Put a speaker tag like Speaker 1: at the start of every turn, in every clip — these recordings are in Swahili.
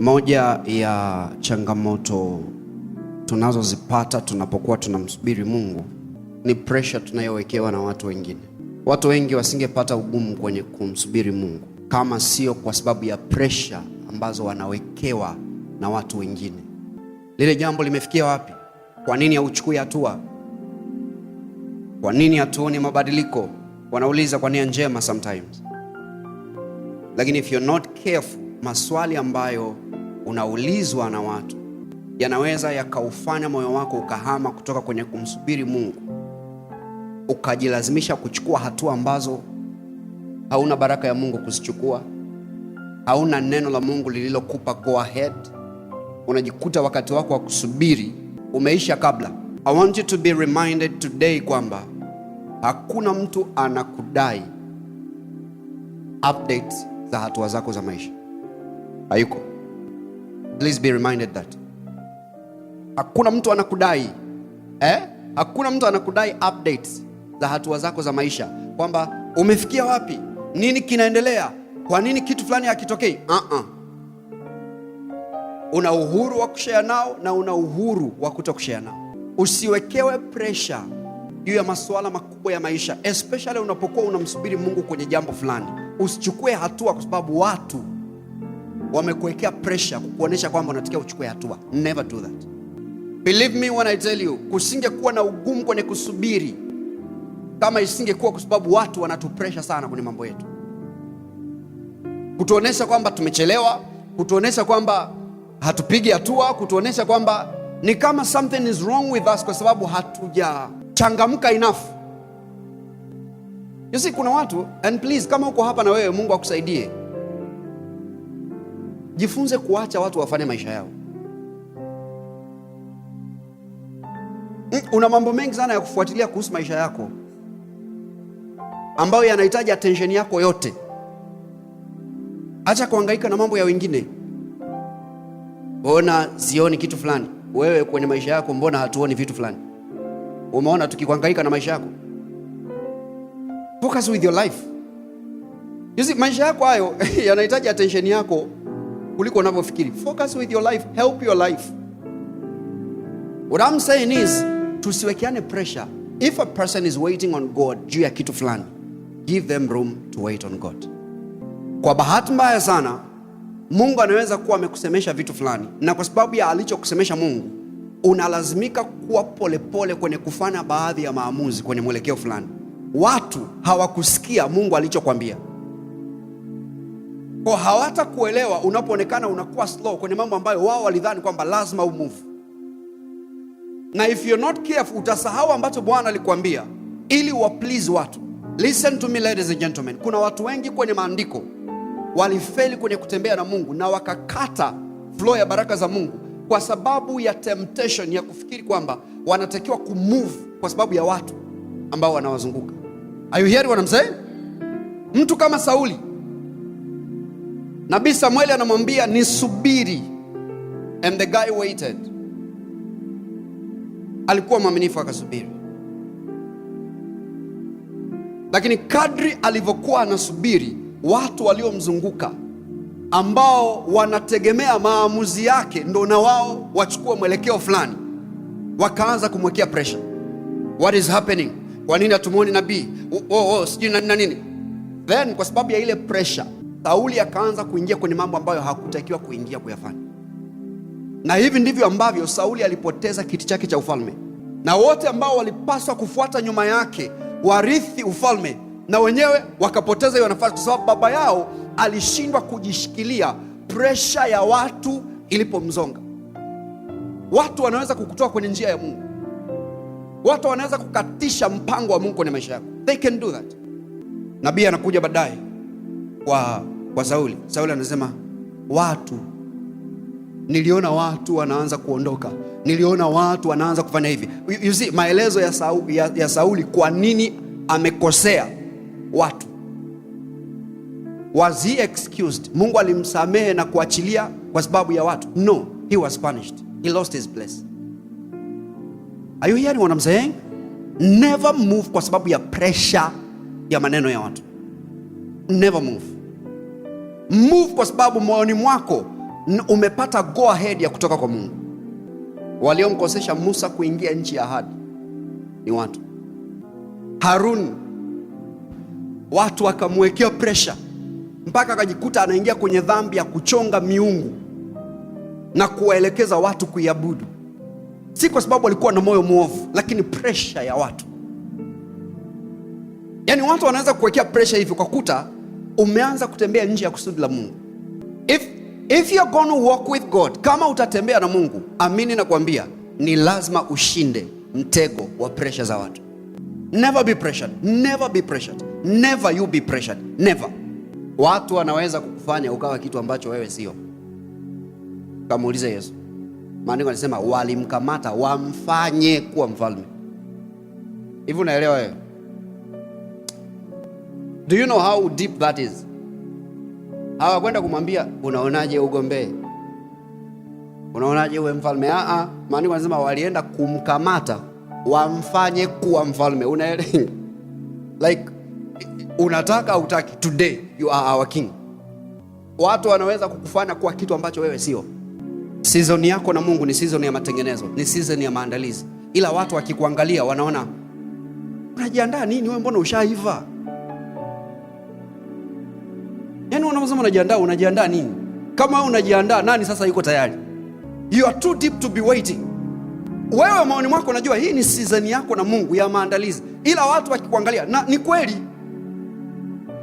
Speaker 1: Moja ya changamoto tunazozipata tunapokuwa tunamsubiri Mungu ni pressure tunayowekewa na watu wengine. Watu wengi wasingepata ugumu kwenye kumsubiri Mungu kama sio kwa sababu ya pressure ambazo wanawekewa na watu wengine. Lile jambo limefikia wapi? Kwa nini hauchukui hatua? Kwa nini hatuoni mabadiliko? Wanauliza kwa nia njema sometimes, lakini if you're not careful, maswali ambayo unaulizwa na watu yanaweza yakaufanya moyo wako ukahama kutoka kwenye kumsubiri Mungu, ukajilazimisha kuchukua hatua ambazo hauna baraka ya Mungu kuzichukua, hauna neno la Mungu lililokupa go ahead. Unajikuta wakati wako wa kusubiri umeisha kabla. I want you to be reminded today kwamba hakuna mtu anakudai update za hatua zako za maisha, hayuko. Please be reminded that hakuna mtu anakudai eh? Hakuna mtu anakudai updates za hatua zako za maisha, kwamba umefikia wapi, nini kinaendelea, kwa nini kitu fulani hakitokei. Uh-uh. Una uhuru wa kushare nao na una uhuru wa kuto kushare nao. Usiwekewe pressure juu ya masuala makubwa ya maisha, especially unapokuwa unamsubiri Mungu kwenye jambo fulani. Usichukue hatua kwa sababu watu wamekuwekea presha kukuonesha kwamba unatakiwa uchukue hatua. Never do that. Believe me when I tell you, kusingekuwa na ugumu kwenye kusubiri kama isingekuwa kwa sababu watu wanatupresha sana kwenye mambo yetu, kutuonesha kwamba tumechelewa, kutuonesha kwamba hatupigi hatua, kutuonesha kwamba ni kama something is wrong with us, kwa sababu hatujachangamka enough. You see, kuna watu and please, kama uko hapa na wewe, Mungu akusaidie Jifunze kuacha watu wafanye maisha yao. Mm, una mambo mengi sana ya kufuatilia kuhusu maisha yako ambayo yanahitaji attention yako yote. Acha kuhangaika na mambo ya wengine. Ona sioni kitu fulani, wewe kwenye maisha yako mbona hatuoni vitu fulani? Umeona tukikuhangaika na maisha yako? Focus with your life. Yusi, maisha yako hayo yanahitaji attention yako kuliko unavyofikiri. Focus with your life, help your life. What I'm saying is tusiwekeane pressure. If a person is waiting on God juu ya kitu fulani, give them room to wait on God. Kwa bahati mbaya sana, Mungu anaweza kuwa amekusemesha vitu fulani, na kwa sababu ya alichokusemesha Mungu unalazimika kuwa polepole kwenye kufanya baadhi ya maamuzi kwenye mwelekeo fulani. Watu hawakusikia Mungu alichokwambia. Kwa hawatakuelewa unapoonekana unakuwa slow kwenye mambo ambayo wao walidhani kwamba lazima umove, na if you're not careful utasahau ambacho Bwana alikuambia ili wa please watu. Listen to me ladies and gentlemen, kuna watu wengi kwenye maandiko walifeli kwenye kutembea na Mungu na wakakata flow ya baraka za Mungu kwa sababu ya temptation ya kufikiri kwamba wanatakiwa kumove kwa sababu ya watu ambao wanawazunguka. Are you hearing what I'm saying? Mtu kama Sauli Nabii Samueli anamwambia nisubiri, and the guy waited. Alikuwa mwaminifu akasubiri, lakini kadri alivyokuwa anasubiri, watu waliomzunguka ambao wanategemea maamuzi yake ndo na wao wachukue mwelekeo fulani, wakaanza kumwekea pressure. What is happening? Kwa nini hatumwoni nabii? Oh, oh, sijui na nini. Then kwa sababu ya ile pressure Sauli akaanza kuingia kwenye mambo ambayo hakutakiwa kuingia kuyafanya, na hivi ndivyo ambavyo Sauli alipoteza kiti chake cha ufalme, na wote ambao walipaswa kufuata nyuma yake warithi ufalme, na wenyewe wakapoteza hiyo nafasi, kwa sababu baba yao alishindwa kujishikilia presha ya watu ilipomzonga. Watu wanaweza kukutoa kwenye njia ya Mungu, watu wanaweza kukatisha mpango wa Mungu kwenye maisha yako. They can do that. Nabii anakuja baadaye kwa kwa Sauli. Sauli anasema watu, niliona watu wanaanza kuondoka, niliona watu wanaanza kufanya hivi. You, you see, maelezo ya Sauli, ya, ya Sauli kwa nini amekosea watu. Was he excused? Mungu alimsamehe na kuachilia kwa sababu ya watu? No, he was punished. He lost his place. Are you hearing what I'm saying? Never move kwa sababu ya pressure ya maneno ya watu. Never move. Move kwa sababu moyoni mwako umepata go ahead ya kutoka kwa Mungu. Waliomkosesha Musa kuingia nchi ya ahadi ni watu Harun, watu wakamwekea pressure mpaka akajikuta anaingia kwenye dhambi ya kuchonga miungu na kuwaelekeza watu kuiabudu, si kwa sababu alikuwa na moyo mwovu, lakini pressure ya watu. Yaani watu wanaweza kuwekea pressure hivyo kwa kuta umeanza kutembea nje ya kusudi la Mungu. If, if you're to walk with God, kama utatembea na Mungu, amini na kuambia ni lazima ushinde mtego wa pressure za watu. Never be pressured. Never be pressured. Never you be pressured. Never. Watu wanaweza kukufanya ukawa kitu ambacho wewe sio. Kamuulize Yesu. Maandiko yanasema walimkamata wamfanye kuwa mfalme. Hivi unaelewa wewe? Do you know how deep that is? Hawakwenda kumwambia unaonaje ugombee, unaonaje uwe mfalme. Aa, ah, ah, maandiko anasema walienda kumkamata wamfanye kuwa mfalme. Unaelewa? like unataka utaki, today you are our king. Watu wanaweza kukufanya kuwa kitu ambacho wewe sio. Season yako na Mungu ni season ya matengenezo, ni season ya maandalizi, ila watu wakikuangalia wanaona unajiandaa nini wewe, mbona ushaiva unaposema unajiandaa, unajiandaa nini? Kama unajiandaa, nani sasa yuko tayari? You are too deep to be waiting. Wewe maoni mwako, unajua hii ni season yako na Mungu ya maandalizi, ila watu wakikuangalia, na ni kweli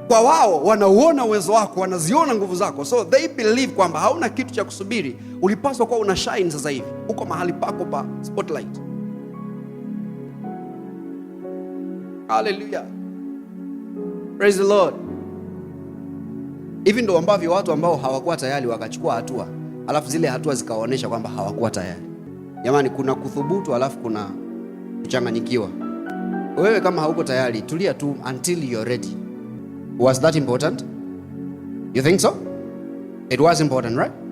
Speaker 1: kwa wao, wanauona uwezo wako, wanaziona nguvu zako, so they believe kwamba hauna kitu cha kusubiri. Ulipaswa kuwa una shine sasa hivi, uko mahali pako pa spotlight. Hallelujah. praise the Lord. Hivi ndo ambavyo watu ambao hawakuwa tayari wakachukua hatua, alafu zile hatua zikawaonyesha kwamba hawakuwa tayari. Jamani, kuna kuthubutu, alafu kuna kuchanganyikiwa. Wewe kama hauko tayari, tulia tu until you're ready. Was that important? You think so? It was important, right?